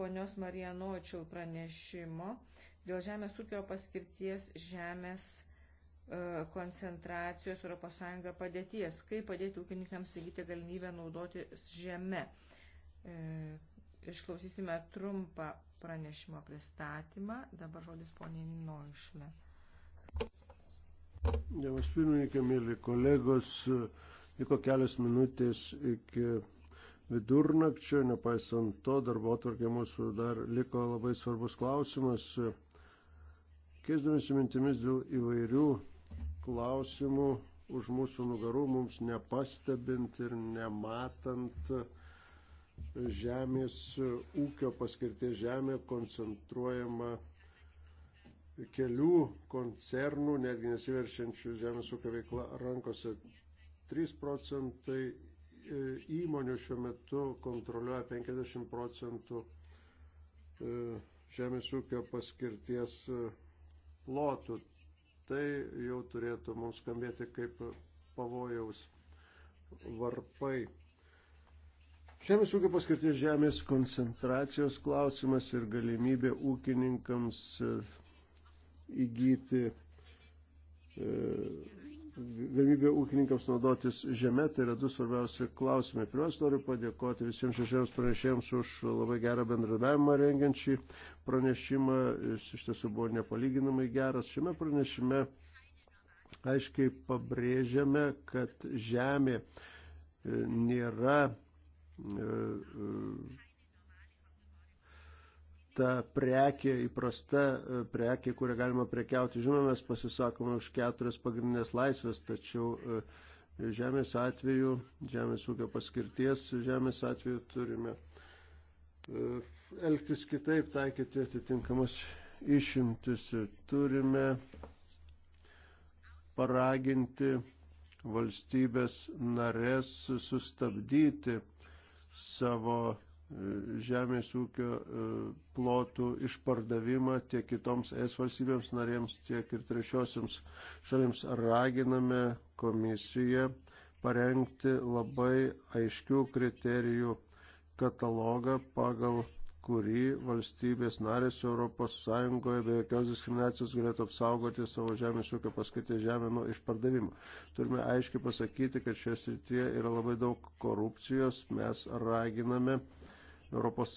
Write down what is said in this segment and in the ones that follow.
ponios Marijanočių pranešimo dėl žemės ūkio paskirties žemės e, koncentracijos ES padėties, kaip padėti ūkininkams įgyti galimybę naudoti žemę. E, išklausysime trumpą pranešimo pristatymą. Dabar žodis poniai Noišlė. Dievas pirmininkė, mėly kolegos, liko kelios minutės iki vidurnakčio, nepaisant to, darbo atvarkė mūsų dar liko labai svarbus klausimas. Keisdamėsi mintimis dėl įvairių klausimų už mūsų nugarų, mums nepastebint ir nematant žemės ūkio paskirties žemė koncentruojama kelių koncernų, netgi nesiveršiančių žemės ūkio veikla rankose 3 procentai E, įmonių šiuo metu kontroliuoja 50 procentų e, žemės ūkio paskirties e, plotų. Tai jau turėtų mums skambėti kaip pavojaus varpai. Žemės ūkio paskirties žemės koncentracijos klausimas ir galimybė ūkininkams įgyti galimybė ūkininkams naudotis žemė, tai yra du svarbiausi klausimai. Pirmiausia, noriu padėkoti visiems šešiems pranešėjams už labai gerą bendradavimą rengiant šį pranešimą. Jis iš tiesų buvo nepalyginamai geras. Šiame pranešime aiškiai pabrėžiame, kad žemė e, nėra e, e, ta prekė, įprasta e, prekė, kurią galima prekiauti. Žinoma, mes pasisakome už keturias pagrindinės laisvės, tačiau e, žemės atveju, žemės ūkio paskirties žemės atveju turime e, elgtis kitaip, taikyti atitinkamas išimtis. Turime paraginti valstybės narės sustabdyti savo žemės ūkio e, plotų išpardavimą tiek kitoms es valstybėms narėms, tiek ir trečiosiams šalims raginame komisiją parengti labai aiškių kriterijų katalogą, pagal kurį valstybės narės ES be jokios diskriminacijos galėtų apsaugoti savo žemės ūkio paskirtį žemę nuo išpardavimo. Turime aiškiai pasakyti, kad šioje srityje yra labai daug korupcijos, mes raginame ES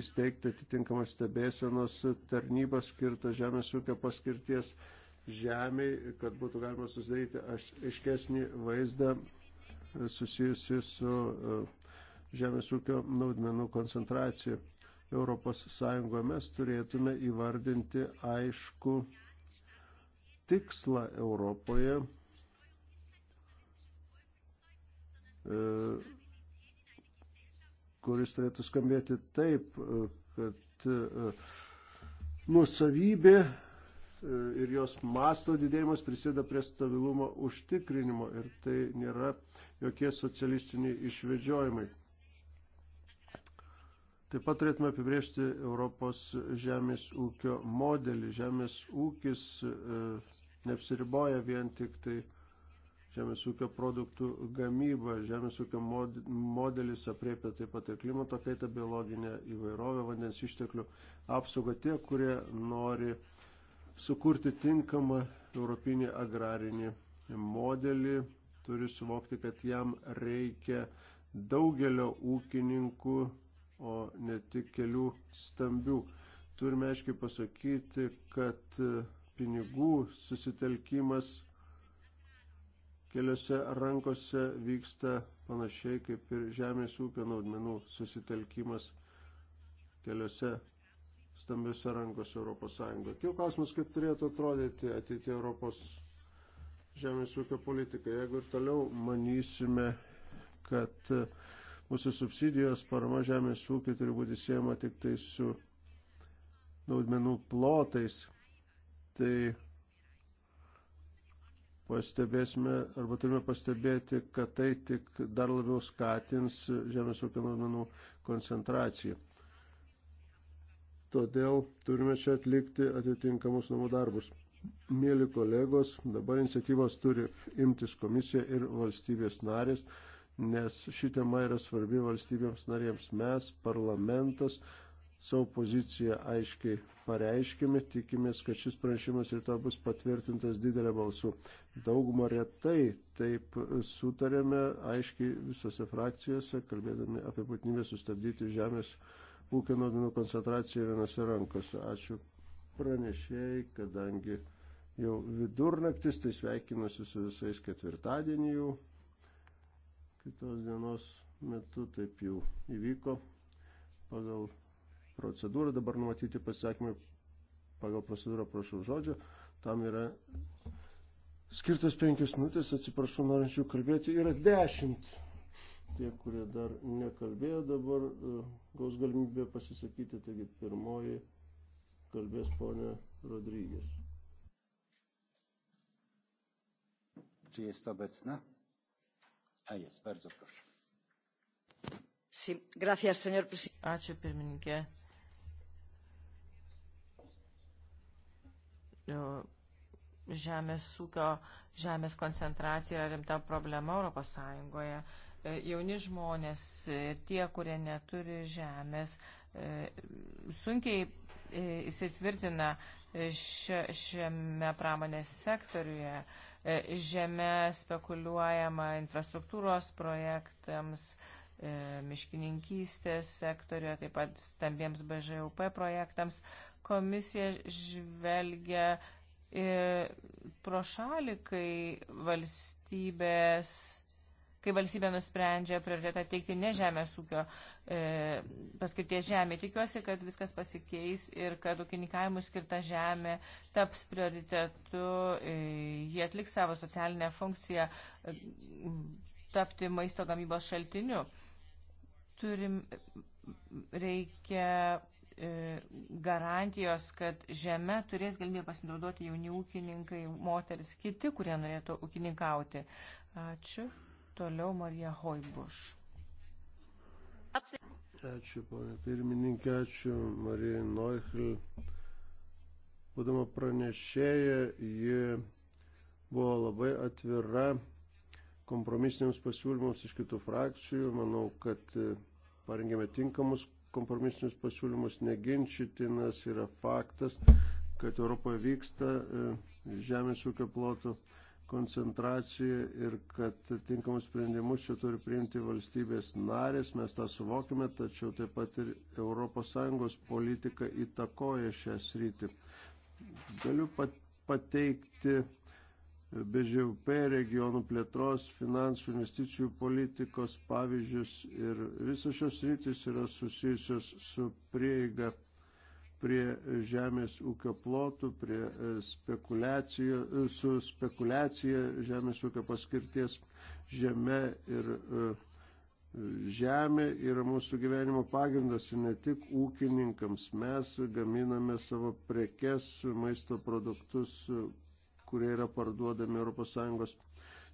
įsteigti atitinkamą stebėsenos tarnybą skirtą žemės ūkio paskirties žemiai, kad būtų galima susidaryti aiškesnį vaizdą susijusi su e, žemės ūkio naudmenų koncentracija. ES mes turėtume įvardinti aišku tikslą Europoje e, kuris turėtų skambėti taip, kad e, nusavybė e, ir jos masto didėjimas prisideda prie stabilumo užtikrinimo ir tai nėra jokie socialistiniai išvedžiojimai. Taip pat turėtume apibriežti Europos žemės ūkio modelį. Žemės ūkis e, neapsiriboja vien tik tai žemės ūkio produktų gamybą. Žemės ūkio modelis apriepia taip pat ir klimato kaitą, biologinę įvairovę, vandens išteklių apsaugą. Tie, kurie nori sukurti tinkamą europinį agrarinį modelį, turi suvokti, kad jam reikia daugelio ūkininkų, o ne tik kelių stambių. Turime aiškiai pasakyti, kad pinigų susitelkimas keliose rankose vyksta panašiai kaip ir žemės ūkio naudmenų susitelkimas keliose stambiose rankose Europos Sąjungoje. Kil klausimas, kaip turėtų atrodyti ateitie Europos žemės ūkio politika. Jeigu ir toliau manysime, kad mūsų subsidijos parama žemės ūkiai turi būti siejama tik tai su naudmenų plotais, tai pastebėsime arba turime pastebėti, kad tai tik dar labiau skatins žemės ūkio naudmenų koncentraciją. Todėl turime čia atlikti atitinkamus namų darbus. Mėly kolegos, dabar iniciatyvos turi imtis komisija ir valstybės narės, nes ši tema yra svarbi valstybėms narėms. Mes, parlamentas, savo poziciją aiškiai pareiškime, tikimės, kad šis pranešimas rytoj bus patvirtintas didelė balsų. Daugumą retai taip sutarėme aiškiai visose frakcijose, kalbėdami apie būtinybę sustabdyti žemės ūkio nuodinų koncentraciją vienose rankose. Ačiū pranešėjai, kadangi jau vidurnaktis, tai sveikinuosi su visais ketvirtadienį jau. Kitos dienos metu taip jau įvyko pagal procedūrą. Dabar numatyti pasisakymai pagal procedūrą, prašau žodžio. Tam yra skirtas penkias minutės, atsiprašau, norinčių kalbėti. Yra dešimt. Tie, kurie dar nekalbėjo, dabar e, gaus galimybę pasisakyti. Taigi pirmoji kalbės ponė Rodrygės. Czy jest obecna? A jest, bardzo proszę. Sí, gracias, señor presidente. Ačiū, pirmininkė. E, žemės ūkio, žemės koncentracija yra rimta problema Europos Sąjungoje. E, jauni žmonės ir e, tie, kurie neturi žemės, sunkiai įsitvirtina šiame pramonės sektoriuje. Žemė spekuliuojama infrastruktūros projektams, miškininkystės sektoriuje, taip pat stambiems BŽUP projektams, komisija žvelgia pro šalį, kai valstybės kai valstybė nusprendžia prioritetą teikti ne žemės ūkio e, paskirties žemė. Tikiuosi, kad viskas pasikeis ir kad ūkininkavimui skirta žemė taps prioritetu, e, jie atliks savo socialinę funkciją e, tapti maisto gamybos šaltiniu. Turim, reikia E, garantijos, kad žemė turės galimybę pasinaudoti jauni ūkininkai, moteris, kiti, kurie norėtų ūkininkauti. Ačiū. Toliau Marija Hoibuš. Ačiū, ponė pirmininkė, ačiū Marija Noichel. Būdama pranešėja, ji buvo labai atvira kompromisiniams pasiūlymams iš kitų frakcijų. Manau, kad parengėme tinkamus kompromisinius pasiūlymus neginčytinas yra faktas, kad Europoje vyksta e, žemės ūkio plotų koncentracija ir kad tinkamus sprendimus čia turi priimti valstybės narės, mes tą suvokime, tačiau taip pat ir ES politika įtakoja šią sritį. Galiu pateikti BŽUP regionų plėtros, finansų investicijų politikos pavyzdžius ir visos šios rytis yra susijusios su prieiga prie žemės ūkio plotų, prie e, spekulacijų, e, su spekulacija žemės ūkio paskirties žeme ir e, žemė yra mūsų gyvenimo pagrindas ir ne tik ūkininkams. Mes gaminame savo prekes, maisto produktus, kurie yra parduodami ES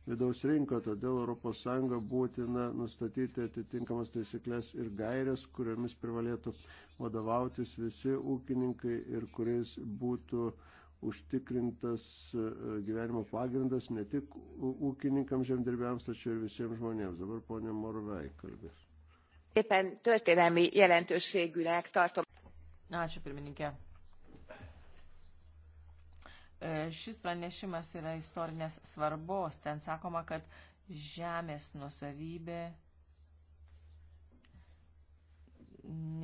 vidaus rinko, todėl ES būtina nustatyti atitinkamas taisyklės ir gairias, kuriomis privalėtų vadovautis visi ūkininkai ir kuriais būtų užtikrintas e, gyvenimo pagrindas ne tik ūkininkams žemdirbiams, tačiau ir visiems žmonėms. Dabar ponė Morvai kalbės. Éppen történelmi jelentőségűnek tartom. Ačiū pirmininkė. E, šis pranešimas yra istorinės svarbos. Ten sakoma, kad žemės nusavybė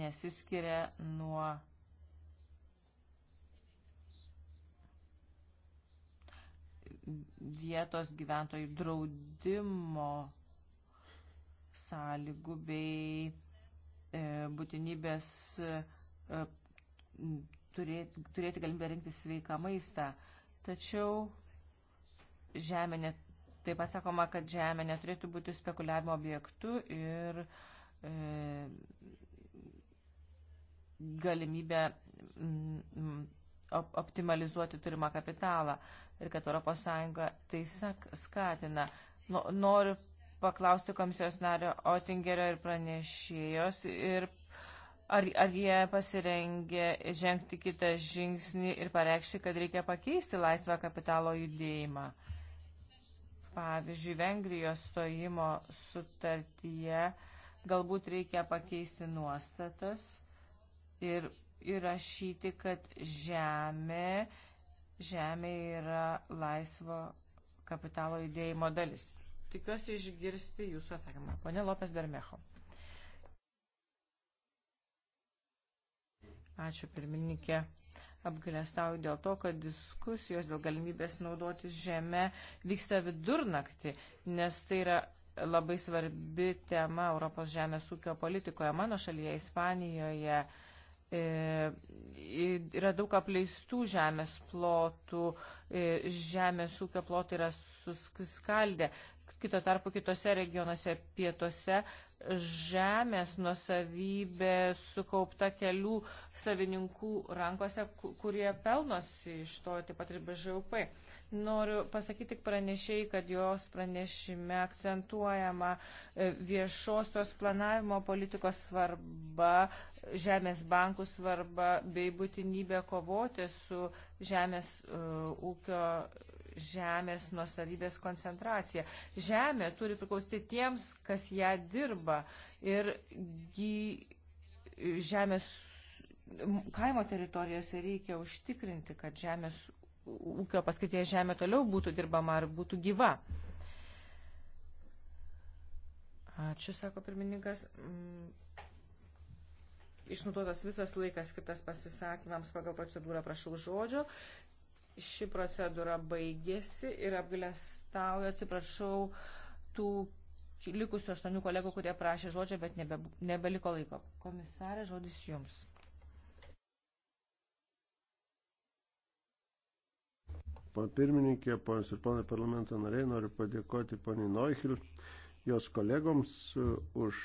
nesiskiria nuo vietos gyventojų draudimo sąlygų bei e, būtinybės e, turėti, turėti galimybę rinkti sveiką maistą. Tačiau žemė, net, taip pat sakoma, kad žemė neturėtų būti spekuliavimo objektų ir e, galimybę m, op, optimalizuoti turimą kapitalą ir kad ES tai sak, skatina. Noriu paklausti komisijos nario Otingerio ir pranešėjos ir Ar, ar jie pasirengė žengti kitą žingsnį ir pareikšti, kad reikia pakeisti laisvą kapitalo judėjimą? Pavyzdžiui, Vengrijos stojimo sutartyje galbūt reikia pakeisti nuostatas ir įrašyti, kad žemė, žemė yra laisvo kapitalo judėjimo dalis. Tikiuosi išgirsti jūsų atsakymą. Pone Lopes Bermecho. Ačiū pirmininkė. Apgalėstauju dėl to, kad diskusijos dėl galimybės naudotis žemę vyksta vidurnakti, nes tai yra labai svarbi tema Europos žemės ūkio politikoje. Mano šalyje, Ispanijoje, e, yra daug apleistų žemės plotų, e, žemės ūkio plotai yra suskaldę. Kito tarpu kitose regionuose pietuose žemės nusavybė sukaupta kelių savininkų rankose, kurie pelnosi iš to taip pat ir BŽUP. Noriu pasakyti pranešėjai, kad jos pranešime akcentuojama e, viešosios planavimo politikos svarba, žemės bankų svarba bei būtinybė kovoti su žemės uh, ūkio žemės nuosavybės koncentracija. Žemė turi priklausti tiems, kas ją dirba ir gy, žemės kaimo teritorijose reikia užtikrinti, kad žemės ūkio paskirtie žemė toliau būtų dirbama ar būtų gyva. Ačiū, sako pirmininkas. Mm. Išnaudotas visas laikas skirtas pasisakymams pagal procedūrą, prašau žodžio ši procedūra baigėsi ir apgalestauju, atsiprašau, tų likusių aštuonių kolegų, kurie prašė žodžio, bet nebe, nebeliko laiko. Komisarė, žodis jums. Pana pirmininkė, ponas ir ponai parlamento nariai, noriu padėkoti poniai Noichil, jos kolegoms už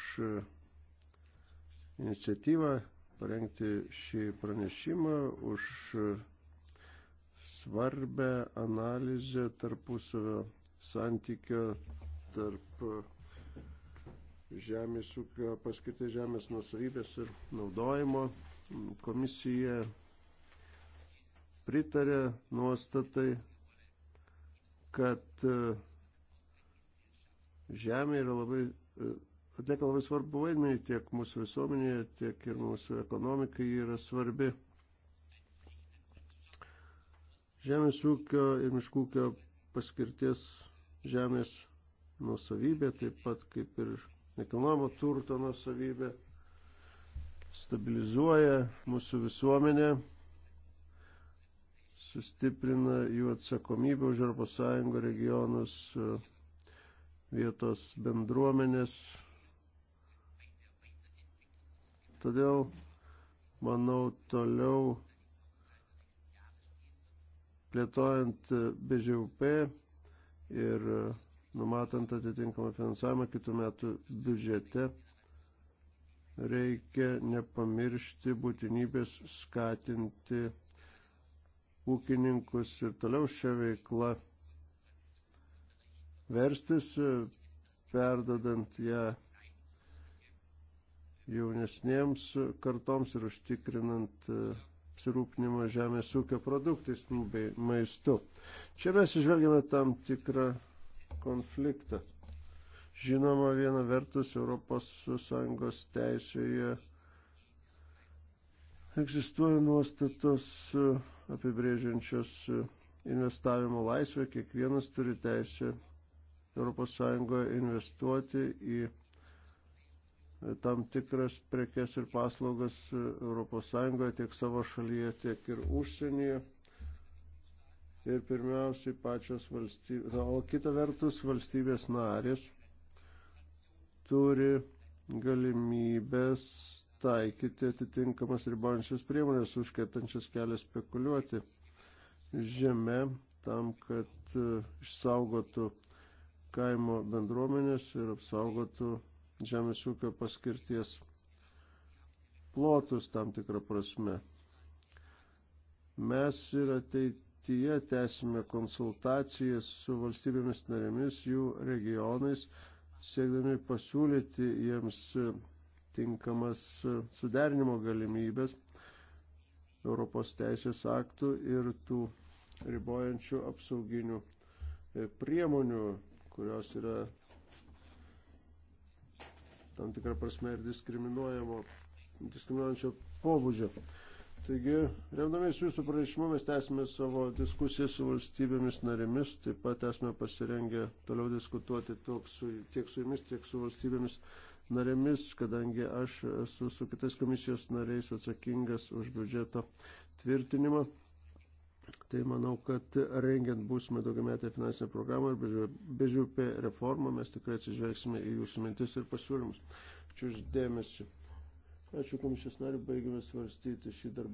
iniciatyvą parengti šį pranešimą, už svarbę analizę tarpusavio santykio tarp žemės ūkio paskirties žemės nusavybės ir naudojimo. Komisija pritarė nuostatai, kad e, žemė yra labai, e, atlieka labai svarbu vaidmenį tiek mūsų visuomenėje, tiek ir mūsų ekonomikai yra svarbi. Žemės ūkio ir miškų ūkio paskirties žemės nusavybė, taip pat kaip ir nekilnojamo turto nusavybė, stabilizuoja mūsų visuomenę, sustiprina jų atsakomybę už ES regionus, vietos bendruomenės. Todėl, manau, toliau plėtojant e, BŽUP ir e, numatant atitinkamą finansavimą kitų metų biudžete, reikia nepamiršti būtinybės skatinti ūkininkus ir toliau šią veiklą verstis, e, perdodant ją jaunesniems kartoms ir užtikrinant uh, apsirūpinimo žemės ūkio produktais bei maistu. Čia mes išvelgiame tam tikrą konfliktą. Žinoma, viena vertus ES teisėje egzistuoja nuostatos e, apibrėžiančios e, investavimo laisvę. Kiekvienas turi teisę ES investuoti į tam tikras prekes ir paslaugas ES tiek savo šalyje, tiek ir užsienyje. Ir pirmiausiai pačios valstybės, o kita vertus valstybės narės turi galimybės taikyti atitinkamas ribančias priemonės, užkertančias kelią spekuliuoti žemę tam, kad išsaugotų kaimo bendruomenės ir apsaugotų žemės ūkio paskirties plotus tam tikrą prasme. Mes ir ateityje tęsime konsultacijas su valstybėmis narėmis, jų regionais, siekdami pasiūlyti jiems tinkamas suderinimo galimybės Europos teisės aktų ir tų ribojančių apsauginių priemonių, kurios yra tam tikrą prasme ir diskriminuojamo, diskriminuojančio pobūdžio. Taigi, remdamės jūsų pranešimu, mes tęsime savo diskusiją su valstybėmis narėmis, taip pat esame pasirengę toliau diskutuoti su, tiek su jumis, tiek su valstybėmis narėmis, kadangi aš esu su kitais komisijos nariais atsakingas už biudžeto tvirtinimą. Tai manau, kad rengiant būsimą daugiametę finansinę programą ir bežiūpę reformą mes tikrai atsižvelgsime į jūsų mintis ir pasiūlymus. Ačiū uždėmesi. Ačiū komisijos nariu, baigime svarstyti šį darbą.